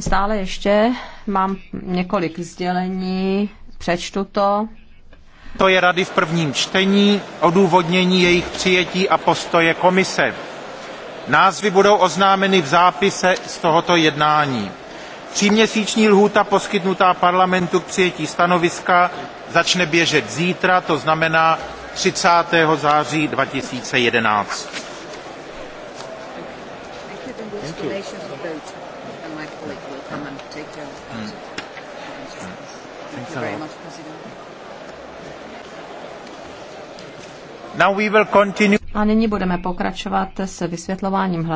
Stále ještě mám několik sdělení, přečtu to. To je rady v prvním čtení, odůvodnění jejich přijetí a postoje komise. Názvy budou oznámeny v zápise z tohoto jednání. Tříměsíční lhůta poskytnutá parlamentu k přijetí stanoviska začne běžet zítra, to znamená 30. září 2011 and my colleague will come and take care of that. Mm. Thank, Thank you very much, President. Now we will continue. A nyní budeme pokračovat s vysvětlováním hlasování.